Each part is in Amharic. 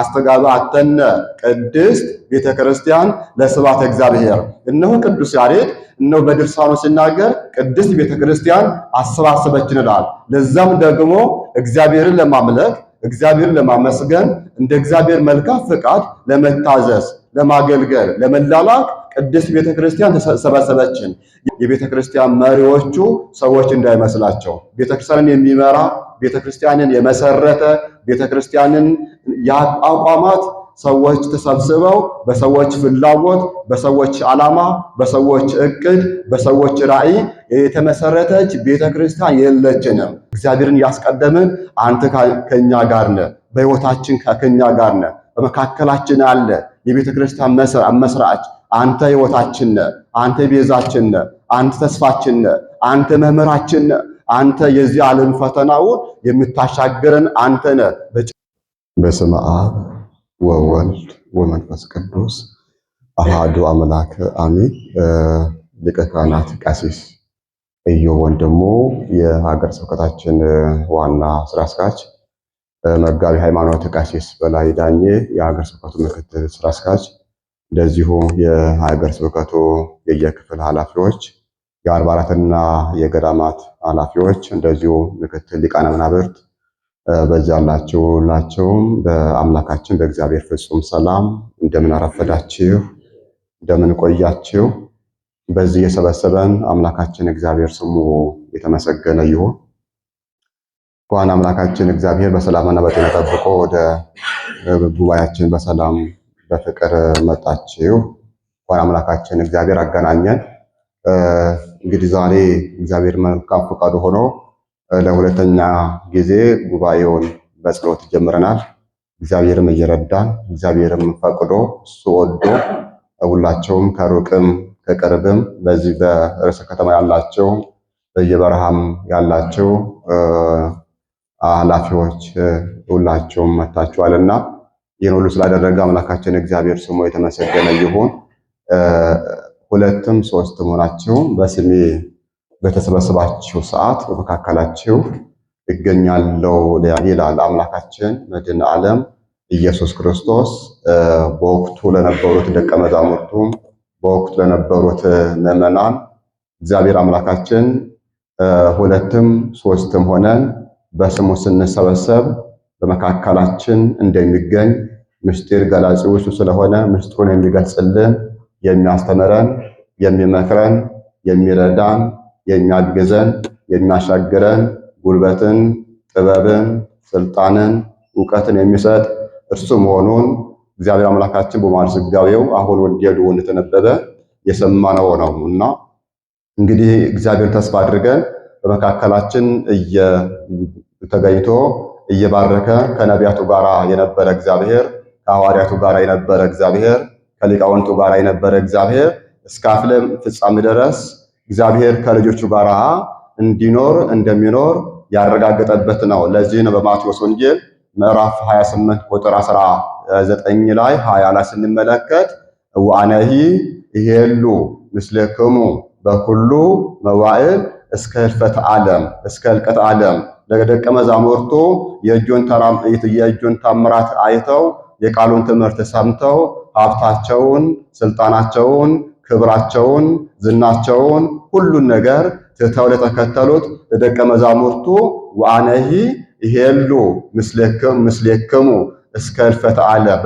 አስተጋባተነ ቅድስት ቤተ ክርስቲያን ለስብሐተ እግዚአብሔር። እነሆ ቅዱስ ያሬድ እነሆ በድርሳኑ ሲናገር ቅድስት ቤተ ክርስቲያን አሰባሰበችን ይላል። ለዛም ደግሞ እግዚአብሔርን ለማምለክ እግዚአብሔርን ለማመስገን እንደ እግዚአብሔር መልካም ፍቃድ ለመታዘዝ፣ ለማገልገል፣ ለመላላክ ቅድስት ቤተ ክርስቲያን ተሰበሰበችን። የቤተ ክርስቲያን መሪዎቹ ሰዎች እንዳይመስላቸው ቤተክርስቲያንን የሚመራ ቤተክርስቲያንን የመሰረተ ቤተክርስቲያንን ያቋቋማት ሰዎች ተሰብስበው በሰዎች ፍላጎት፣ በሰዎች ዓላማ፣ በሰዎች እቅድ፣ በሰዎች ራዕይ የተመሰረተች ቤተክርስቲያን የለችንም። እግዚአብሔርን ያስቀደምን አንተ ከኛ ጋር ነ በህይወታችን ከኛ ጋር ነ በመካከላችን አለ። የቤተክርስቲያን መስራች አንተ ህይወታችን ነ አንተ ቤዛችን ነ አንተ ተስፋችን ነ አንተ መምህራችን ነ አንተ የዚህ ዓለም ፈተናውን የምታሻግረን አንተ ነህ። በስመ አብ ወወልድ ወመንፈስ ቅዱስ አሃዱ አምላክ አሜን። ሊቀ ካህናት ቀሲስ እዮብ ወንድሙ የሀገረ ስብከታችን ዋና ስራ አስኪያጅ፣ መጋቢ ሃይማኖት ቀሲስ በላይ ዳኜ የሀገር ስብከቱ ምክትል ስራ አስኪያጅ፣ እንደዚሁ የሀገር ስብከቱ የየክፍል ኃላፊዎች የአርባራትና የገዳማት ኃላፊዎች እንደዚሁ ምክትል ሊቃነ መናብርት በዚያ ያላችሁ ሁላችሁም በአምላካችን በእግዚአብሔር ፍጹም ሰላም እንደምን አረፈዳችሁ፣ እንደምን ቆያችሁ። በዚህ የሰበሰበን አምላካችን እግዚአብሔር ስሙ የተመሰገነ ይሁን። እንኳን አምላካችን እግዚአብሔር በሰላምና በጤና ጠብቆ ወደ ጉባኤያችን በሰላም በፍቅር መጣችሁ። እንኳን አምላካችን እግዚአብሔር አገናኘን። እንግዲህ ዛሬ እግዚአብሔር መልካም ፈቃዱ ሆኖ ለሁለተኛ ጊዜ ጉባኤውን በጸሎት ጀምረናል። እግዚአብሔርም እየረዳን እግዚአብሔርም ፈቅዶ እሱ ወዶ ሁላቸውም ከሩቅም ከቅርብም በዚህ በርዕሰ ከተማ ያላቸው በየበረሃም ያላቸው ኃላፊዎች ሁላቸውም መታችኋልና ይህን ሁሉ ስላደረገ አምላካችን እግዚአብሔር ስሙ የተመሰገነ ይሁን። ሁለትም ሶስት ሆናችሁ በስሜ በተሰበሰባችሁ ሰዓት በመካከላችሁ እገኛለሁ ይላል አምላካችን መድን ዓለም ኢየሱስ ክርስቶስ። በወቅቱ ለነበሩት ደቀ መዛሙርቱ፣ በወቅቱ ለነበሩት ምዕመናን እግዚአብሔር አምላካችን ሁለትም ሶስትም ሆነን በስሙ ስንሰበሰብ በመካከላችን እንደሚገኝ ምስጢር ገላጺው እሱ ስለሆነ ምስጢሩን የሚገልጽልን የሚያስተምረን፣ የሚመክረን፣ የሚረዳን፣ የሚያግዘን፣ የሚያሻግረን፣ ጉልበትን፣ ጥበብን፣ ስልጣንን፣ እውቀትን የሚሰጥ እርሱ መሆኑን እግዚአብሔር አምላካችን በማለት ሥጋዌው አሁን ወዲህ እንደተነበበ የሰማነው ነው እና እንግዲህ እግዚአብሔር ተስፋ አድርገን በመካከላችን ተገኝቶ እየባረከ ከነቢያቱ ጋር የነበረ እግዚአብሔር ከሐዋርያቱ ጋር የነበረ እግዚአብሔር ከሊቃውንቱ ጋር የነበረ እግዚአብሔር እስከ ዓለም ፍጻሜ ድረስ እግዚአብሔር ከልጆቹ ጋር እንዲኖር እንደሚኖር ያረጋገጠበት ነው። ለዚህ ነው በማቴዎስ ወንጌል ምዕራፍ 28 ቁጥር 19 ላይ 20 ላይ ስንመለከት ወአነሂ ይሄሉ ምስልክሙ በኩሉ መዋዕል እስከ ህልፈት ዓለም እስከ ህልቀት ዓለም ለደቀ መዛሙርቱ የእጁን ተራም የእጁን ታምራት አይተው የቃሉን ትምህርት ሰምተው ሀብታቸውን፣ ስልጣናቸውን፣ ክብራቸውን፣ ዝናቸውን ሁሉን ነገር ትተው ለተከተሉት ለደቀ መዛሙርቱ ወአነሂ ይሄሉ ምስሌክሙ እስከ እልፈተ ዓለም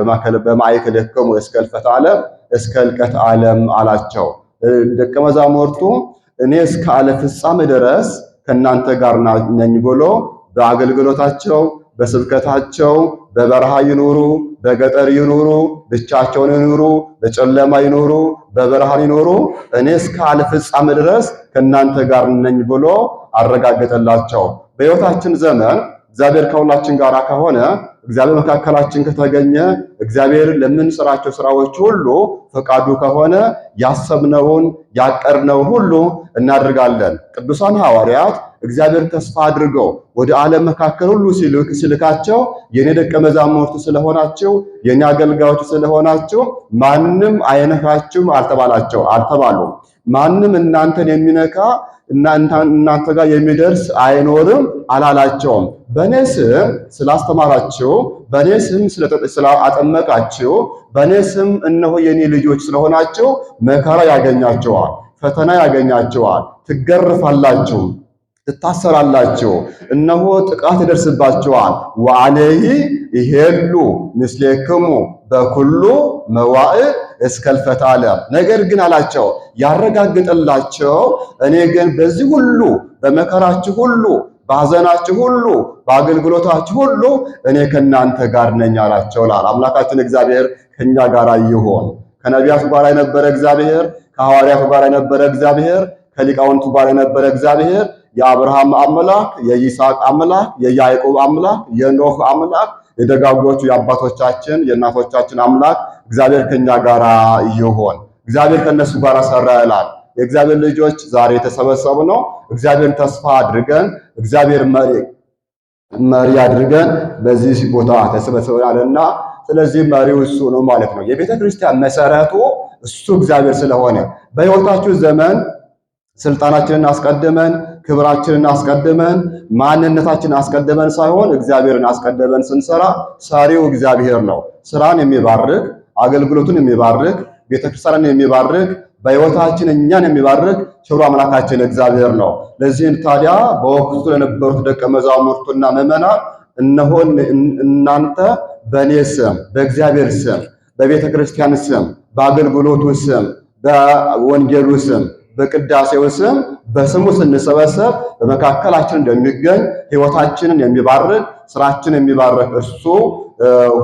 በማእከልክሙ እስከ እልፈተ ዓለም እስከ እልቀት ዓለም አላቸው። ደቀ መዛሙርቱ እኔ እስከ ዓለም ፍጻሜ ድረስ ከእናንተ ጋር ነኝ ብሎ በአገልግሎታቸው በስብከታቸው በበረሃ ይኑሩ፣ በገጠር ይኑሩ፣ ብቻቸውን ይኑሩ፣ በጨለማ ይኑሩ፣ በበረሃ ይኑሩ፣ እኔ እስከ ዓለም ፍጻሜ ድረስ ከእናንተ ጋር ነኝ ብሎ አረጋገጠላቸው። በሕይወታችን ዘመን እግዚአብሔር ከሁላችን ጋር ከሆነ እግዚአብሔር መካከላችን ከተገኘ እግዚአብሔር ለምንሰራቸው ስራዎች ሁሉ ፈቃዱ ከሆነ ያሰብነውን ያቀርነው ሁሉ እናደርጋለን። ቅዱሳን ሐዋርያት እግዚአብሔር ተስፋ አድርገው ወደ ዓለም መካከል ሁሉ ሲልካቸው የኔ ደቀ መዛሙርት ስለሆናችሁ የኔ አገልጋዮች ስለሆናችሁ ማንም አይነካችሁም አልተባላቸው አልተባሉም። ማንም እናንተን የሚነካ እናንተ ጋር የሚደርስ አይኖርም አላላቸውም። በእኔ ስም ስላስተማራችሁ፣ በእኔ ስም ስላጠመቃችሁ፣ በእኔ ስም እነሆ የኔ ልጆች ስለሆናችሁ መከራ ያገኛቸዋል፣ ፈተና ያገኛቸዋል፣ ትገርፋላችሁ፣ ትታሰራላችሁ፣ እነሆ ጥቃት ይደርስባችኋል። ወአለይ ይሄሉ ምስሌክሙ በኩሉ መዋእ እስከልፈት እልፈተ ዓለም። ነገር ግን አላቸው ያረጋግጥላቸው፣ እኔ ግን በዚህ ሁሉ በመከራችሁ ሁሉ በሐዘናችሁ ሁሉ በአገልግሎታችሁ ሁሉ እኔ ከእናንተ ጋር ነኝ አላቸው። ላል አምላካችን እግዚአብሔር ከእኛ ጋር ይሆን። ከነቢያቱ ጋር የነበረ እግዚአብሔር፣ ከሐዋርያቱ ጋር የነበረ እግዚአብሔር፣ ከሊቃውንቱ ጋር የነበረ እግዚአብሔር የአብርሃም አምላክ፣ የይስሐቅ አምላክ፣ የያዕቆብ አምላክ፣ የኖህ አምላክ፣ የደጋጎቹ የአባቶቻችን የእናቶቻችን አምላክ እግዚአብሔር ከኛ ጋር ይሆን እግዚአብሔር ከነሱ ጋር ሰራ ይላል። የእግዚአብሔር ልጆች ዛሬ የተሰበሰቡ ነው። እግዚአብሔር ተስፋ አድርገን እግዚአብሔር መሪ መሪ አድርገን በዚህ ቦታ ተሰበሰበናልና ስለዚህ መሪው እሱ ነው ማለት ነው። የቤተ ክርስቲያን መሰረቱ እሱ እግዚአብሔር ስለሆነ በህይወታችሁ ዘመን ስልጣናችንን አስቀድመን ክብራችንን አስቀድመን ማንነታችንን አስቀድመን ሳይሆን እግዚአብሔርን አስቀድመን ስንሰራ ሰሪው እግዚአብሔር ነው። ስራን የሚባርክ አገልግሎቱን የሚባርክ ቤተክርስቲያንን የሚባርክ በሕይወታችን እኛን የሚባርክ ክብሩ አምላካችን እግዚአብሔር ነው። ለዚህን ታዲያ በወቅቱ ለነበሩት ደቀ መዛሙርቱና ምዕመናን እነሆን እናንተ በእኔ ስም በእግዚአብሔር ስም በቤተክርስቲያን ስም በአገልግሎቱ ስም በወንጌሉ ስም በቅዳሴው ስም በስሙ ስንሰበሰብ በመካከላችን እንደሚገኝ ሕይወታችንን የሚባርክ ስራችን የሚባርክ እርሱ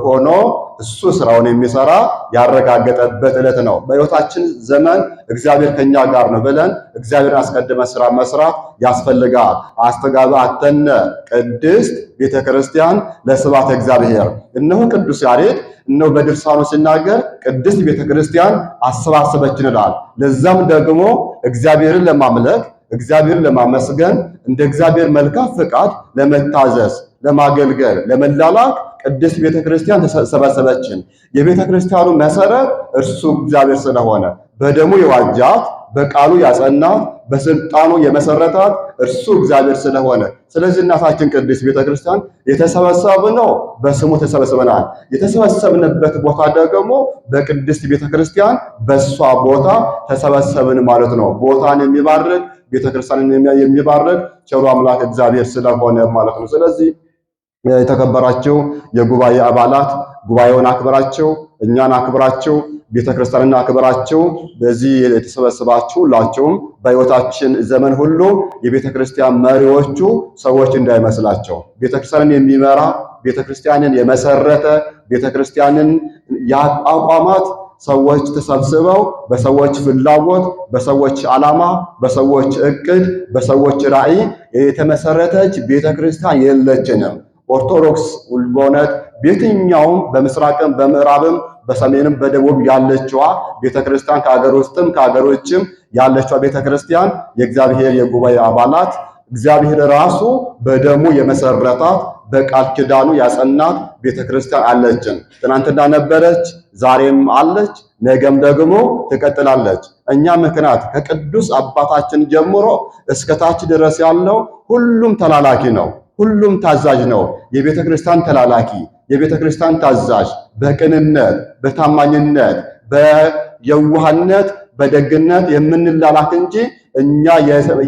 ሆኖ እሱ ስራውን የሚሰራ ያረጋገጠበት ዕለት ነው። በህይወታችን ዘመን እግዚአብሔር ከኛ ጋር ነው ብለን እግዚአብሔርን አስቀድመን ስራ መስራት ያስፈልጋል። አተነ ቅድስት ቤተ ክርስቲያን ለስብሐተ እግዚአብሔር። እነሆ ቅዱስ ያሬድ እነሆ በድርሳኑ ሲናገር ቅድስት ቤተ ክርስቲያን አሰባሰበችን ይላል። ለዛም ደግሞ እግዚአብሔርን ለማምለክ እግዚአብሔርን ለማመስገን እንደ እግዚአብሔር መልካም ፍቃድ ለመታዘዝ ለማገልገል ለመላላክ ቅድስት ቤተክርስቲያን ተሰበሰበችን። የቤተክርስቲያኑ መሰረት እርሱ እግዚአብሔር ስለሆነ በደሙ የዋጃት በቃሉ ያጸናት በስልጣኑ የመሰረታት እርሱ እግዚአብሔር ስለሆነ፣ ስለዚህ እናታችን ቅድስት ቤተክርስቲያን የተሰበሰብነው በስሙ ተሰበስበናል። የተሰበሰብንበት ቦታ ደግሞ በቅድስት ቤተክርስቲያን በእሷ ቦታ ተሰበሰብን ማለት ነው። ቦታን የሚባርክ ቤተክርስቲያንን የሚባርክ ቸሩ አምላክ እግዚአብሔር ስለሆነ ማለት ነው። ስለዚህ የተከበራችሁ የጉባኤ አባላት ጉባኤውን አክብራችሁ እኛን አክብራችሁ ቤተክርስቲያንን አክብራችሁ በዚህ የተሰበሰባችሁ ሁላችሁም በሕይወታችን ዘመን ሁሉ የቤተክርስቲያን መሪዎቹ ሰዎች እንዳይመስላቸው ቤተክርስቲያንን የሚመራ ቤተክርስቲያንን የመሰረተ ቤተክርስቲያንን ያቋቋማት ሰዎች ተሰብስበው በሰዎች ፍላጎት፣ በሰዎች ዓላማ፣ በሰዎች እቅድ፣ በሰዎች ራዕይ የተመሰረተች ቤተክርስቲያን የለችንም። ኦርቶዶክስ በእውነት በየትኛውም በምስራቅም በምዕራብም በሰሜንም በደቡብ ያለችዋ ቤተክርስቲያን ከሀገር ውስጥም ከሀገር ውጭም ያለችዋ ቤተክርስቲያን የእግዚአብሔር የጉባኤ አባላት እግዚአብሔር ራሱ በደሙ የመሰረታት በቃል ኪዳኑ ያጸናት ቤተክርስቲያን አለችን። ትናንትና ነበረች፣ ዛሬም አለች፣ ነገም ደግሞ ትቀጥላለች። እኛ ምክንያት ከቅዱስ አባታችን ጀምሮ እስከታች ድረስ ያለው ሁሉም ተላላኪ ነው። ሁሉም ታዛዥ ነው። የቤተ ክርስቲያን ተላላኪ፣ የቤተ ክርስቲያን ታዛዥ በቅንነት፣ በታማኝነት፣ በየዋህነት፣ በደግነት የምንላላክ እንጂ እኛ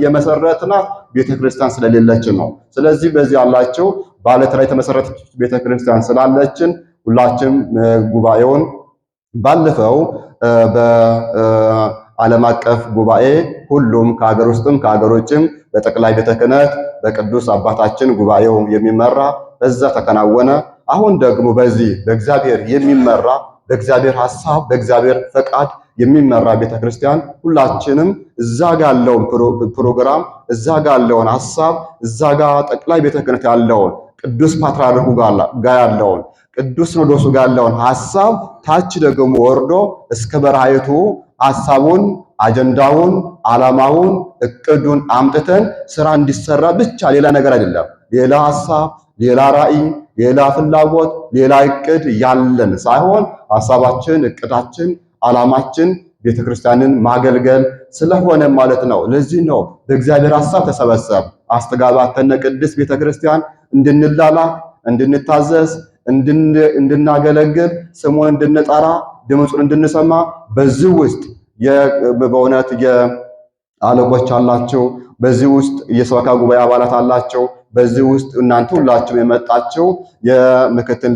የመሰረትናት ቤተ ክርስቲያን ስለሌለች ነው። ስለዚህ በዚህ ያላቸው በአለት ላይ የተመሰረተች ቤተ ክርስቲያን ስላለችን ሁላችንም ጉባኤውን ባለፈው ዓለም አቀፍ ጉባኤ ሁሉም ከሀገር ውስጥም ከሀገር ውጭም በጠቅላይ ቤተ ክህነት በቅዱስ አባታችን ጉባኤው የሚመራ በዛ ተከናወነ። አሁን ደግሞ በዚህ በእግዚአብሔር የሚመራ በእግዚአብሔር ሐሳብ በእግዚአብሔር ፈቃድ የሚመራ ቤተ ክርስቲያን ሁላችንም እዛ ጋር ያለውን ፕሮግራም እዛ ጋር ያለውን ሐሳብ እዛ ጋር ጠቅላይ ቤተ ክህነት ያለውን ቅዱስ ፓትርያርኩ ጋር ያለውን ቅዱስ ሲኖዶሱ ጋር ያለውን ሐሳብ ታች ደግሞ ወርዶ እስከ በራይቱ ሐሳቡን፣ አጀንዳውን፣ ዓላማውን፣ እቅዱን አምጥተን ስራ እንዲሰራ ብቻ ሌላ ነገር አይደለም። ሌላ ሐሳብ፣ ሌላ ራዕይ፣ ሌላ ፍላጎት፣ ሌላ እቅድ ያለን ሳይሆን ሐሳባችን፣ እቅዳችን፣ ዓላማችን ቤተክርስቲያንን ማገልገል ስለሆነ ማለት ነው። ለዚህ ነው በእግዚአብሔር ሐሳብ ተሰበሰብ አስተጋባተነ ቅድስት ቤተክርስቲያን እንድንላላ፣ እንድንታዘዝ፣ እንድናገለግል ስሙን እንድንጠራ ድምፁን እንድንሰማ በዚህ ውስጥ በእውነት የአለቆች አላቸው። በዚህ ውስጥ የሰበካ ጉባኤ አባላት አላቸው። በዚህ ውስጥ እናንተ ሁላችሁም የመጣቸው የምክትል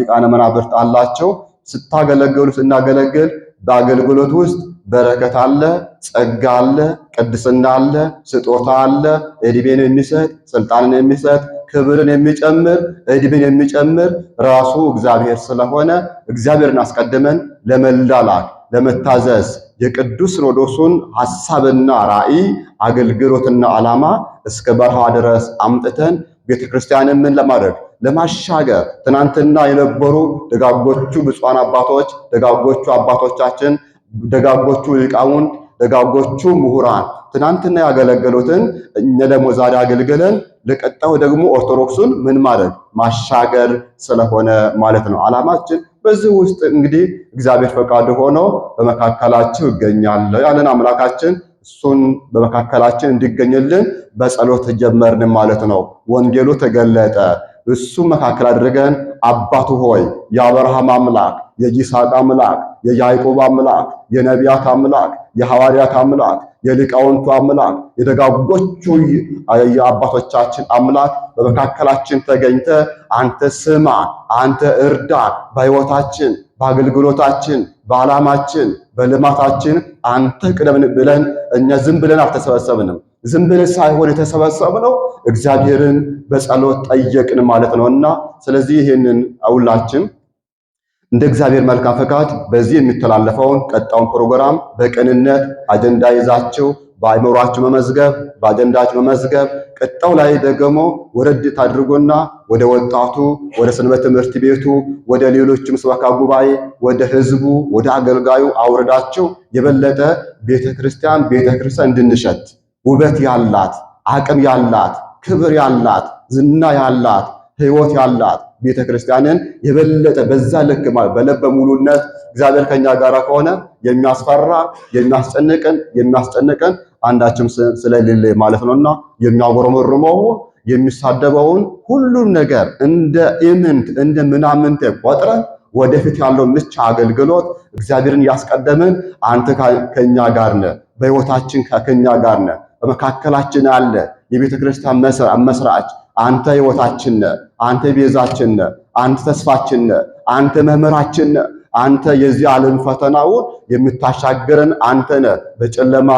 ሊቃነ መናብርት አላቸው። ስታገለግሉ ስናገለግል በአገልግሎት ውስጥ በረከት አለ፣ ጸጋ አለ፣ ቅድስና አለ፣ ስጦታ አለ። እድሜን የሚሰጥ ስልጣንን የሚሰጥ ክብርን የሚጨምር እድሜን የሚጨምር ራሱ እግዚአብሔር ስለሆነ እግዚአብሔርን አስቀድመን ለመላላክ ለመታዘዝ የቅዱስ ሲኖዶሱን ሐሳብና ራእይ አገልግሎትና ዓላማ እስከ በረሃ ድረስ አምጥተን ቤተክርስቲያንን ምን ለማድረግ ለማሻገር ትናንትና የነበሩ ደጋጎቹ ብፁዓን አባቶች ደጋጎቹ አባቶቻችን ደጋጎቹ ሊቃውንት፣ ደጋጎቹ ምሁራን ትናንትና ያገለገሉትን እኛ ደግሞ ዛሬ አገልግለን ለቀጣው ደግሞ ኦርቶዶክሱን ምን ማለት ማሻገር ስለሆነ ማለት ነው አላማችን በዚህ ውስጥ እንግዲህ እግዚአብሔር ፈቃድ ሆኖ በመካከላችሁ እገኛለሁ ያለን አምላካችን እሱን በመካከላችን እንዲገኝልን በጸሎት ጀመርን ማለት ነው። ወንጌሉ ተገለጠ። እሱ መካከል አድርገን አባቱ ሆይ የአብርሃም አምላክ የይስሐቅ አምላክ የያዕቆብ አምላክ የነቢያት አምላክ የሐዋርያት አምላክ የሊቃውንቱ አምላክ የደጋጎቹ የአባቶቻችን አምላክ በመካከላችን ተገኝተ አንተ ስማ፣ አንተ እርዳ፣ በሕይወታችን በአገልግሎታችን በዓላማችን በልማታችን አንተ ቅደምን ብለን እኛ ዝም ብለን አልተሰበሰብንም። ዝም ብለን ሳይሆን የተሰበሰብነው እግዚአብሔርን በጸሎት ጠየቅን ማለት ነውና፣ ስለዚህ ይህንን አውላችን እንደ እግዚአብሔር መልካም ፈቃድ በዚህ የሚተላለፈውን ቀጣውን ፕሮግራም በቅንነት አጀንዳ ይዛችሁ በአእምሯችሁ መመዝገብ በአጀንዳችሁ መመዝገብ ቀጣው ላይ ደግሞ ወረድ ታድርጎና ወደ ወጣቱ ወደ ሰንበት ትምህርት ቤቱ ወደ ሌሎችም ስብከተ ጉባኤ ወደ ህዝቡ ወደ አገልጋዩ አውርዳችሁ የበለጠ ቤተክርስቲያን ቤተክርስቲያን እንድንሸት ውበት ያላት፣ አቅም ያላት፣ ክብር ያላት፣ ዝና ያላት፣ ህይወት ያላት ቤተ ክርስቲያንን የበለጠ በዛ ልክ በለበ ሙሉነት እግዚአብሔር ከኛ ጋር ከሆነ የሚያስፈራ የሚያስጨንቅን የሚያስጨንቅን አንዳችም ስለሌለ ማለት ነውና የሚያጎረመርመው የሚሳደበውን ሁሉም ነገር እንደ ኢምንት እንደ ምናምንት ቆጥረን ወደፊት ያለው ምቻ አገልግሎት እግዚአብሔርን ያስቀደምን አንተ ከኛ ጋር ነህ፣ በህይወታችን ከኛ ጋር ነህ በመካከላችን አለ። የቤተ ክርስቲያን መስራች አንተ ሕይወታችን አንተ ቤዛችን አንተ ተስፋችን አንተ መምህራችን አንተ የዚህ ዓለም ፈተናውን የምታሻገረን አንተ ነ በጨለማ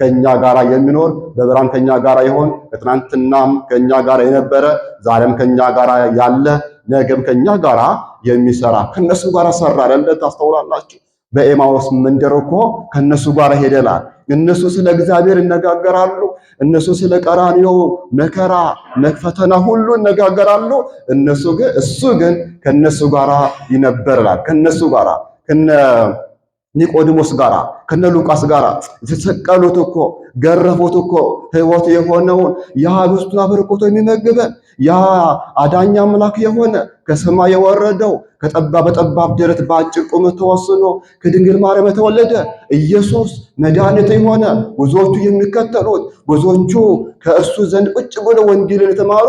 ከኛ ጋራ የሚኖር በብርሃን ከኛ ጋራ ይሆን ከትናንትናም ከኛ ጋራ የነበረ ዛሬም ከኛ ጋራ ያለ ነገም ከኛ ጋራ የሚሰራ ከነሱ ጋራ ሰራ አይደለ? ታስተውላላችሁ። በኤማውስ መንደር እኮ ከነሱ ጋር ሄደላል። እነሱ ስለ እግዚአብሔር ይነጋገራሉ። እነሱ ስለ ቀራንዮ መከራ መፈተና ሁሉ ይነጋገራሉ። እነሱ ግን እሱ ግን ከነሱ ጋራ ይነበራል ከነሱ ጋራ ከነ ኒቆዲሞስ ጋራ ከነ ሉቃስ ጋራ የተሰቀሉት እኮ ገረፉት እኮ ሕይወት የሆነውን ያ ኅብስቱን አበርክቶ የሚመግበን ያ አዳኝ አምላክ የሆነ ከሰማይ የወረደው ከጠባብ በጠባብ ደረት በአጭር ቁመት ተወስኖ ከድንግል ማርያም የተወለደ ኢየሱስ መድኃኒት የሆነ ብዙዎቹ የሚከተሉት ብዙዎቹ ከእሱ ዘንድ ቁጭ ብለው ወንጌልን የተማሩ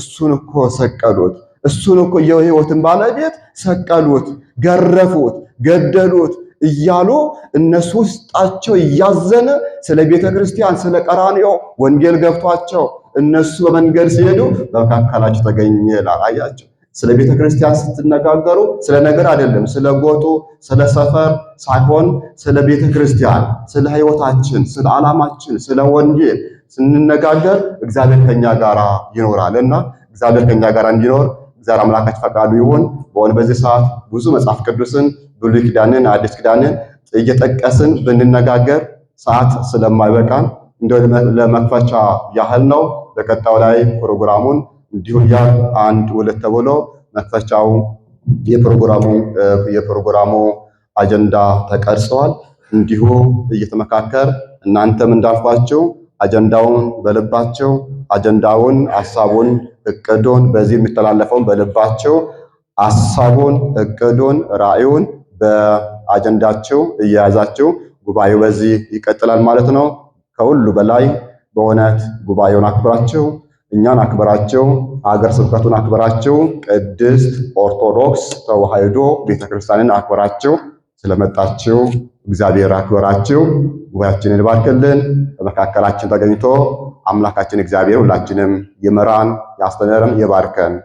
እሱን እኮ ሰቀሉት። እሱን እኮ የሕይወትን ባለቤት ሰቀሉት፣ ገረፉት፣ ገደሉት። እያሉ እነሱ ውስጣቸው እያዘነ ስለ ቤተ ክርስቲያን ስለ ቀራንዮ ወንጌል ገብቷቸው እነሱ በመንገድ ሲሄዱ በመካከላቸው ተገኘ ላላያቸው ስለ ቤተ ክርስቲያን ስትነጋገሩ ስለ ነገር አይደለም፣ ስለ ጎጡ፣ ስለ ሰፈር ሳይሆን ስለ ቤተ ክርስቲያን፣ ስለ ሕይወታችን፣ ስለ ዓላማችን፣ ስለ ወንጌል ስንነጋገር እግዚአብሔር ከኛ ጋራ ይኖራል እና እግዚአብሔር ከኛ ጋር እንዲኖር እግዚአብሔር አምላካችን ፈቃዱ ይሁን። በሆነ በዚህ ሰዓት ብዙ መጽሐፍ ቅዱስን ብሉይ ኪዳንን አዲስ ኪዳንን እየጠቀስን ብንነጋገር ሰዓት ስለማይበቃን እንደ ለመክፈቻ ያህል ነው። በቀጣዩ ላይ ፕሮግራሙን እንዲሁ ያን አንድ ሁለት ተብሎ መክፈቻው የፕሮግራሙ የፕሮግራሙ አጀንዳ ተቀርጸዋል። እንዲሁ እየተመካከር እናንተም እንዳልኳችሁ አጀንዳውን በልባቸው አጀንዳውን ሐሳቡን እቅዱን በዚህ የሚተላለፈውን በልባችሁ አሳቡን፣ እቅዱን፣ ራእዩን በአጀንዳችሁ እያያዛችሁ ጉባኤው በዚህ ይቀጥላል ማለት ነው። ከሁሉ በላይ በእውነት ጉባኤውን አክብራችሁ እኛን አክብራችሁ አገር ስብከቱን አክብራችሁ ቅድስት ኦርቶዶክስ ተዋህዶ ቤተክርስቲያንን አክብራችሁ ስለመጣችሁ እግዚአብሔር አክብራችሁ ጉባኤያችንን ይባርክልን። በመካከላችን ተገኝቶ አምላካችን እግዚአብሔር ሁላችንም ይምራን፣ ያስተምረን፣ ይባርከን።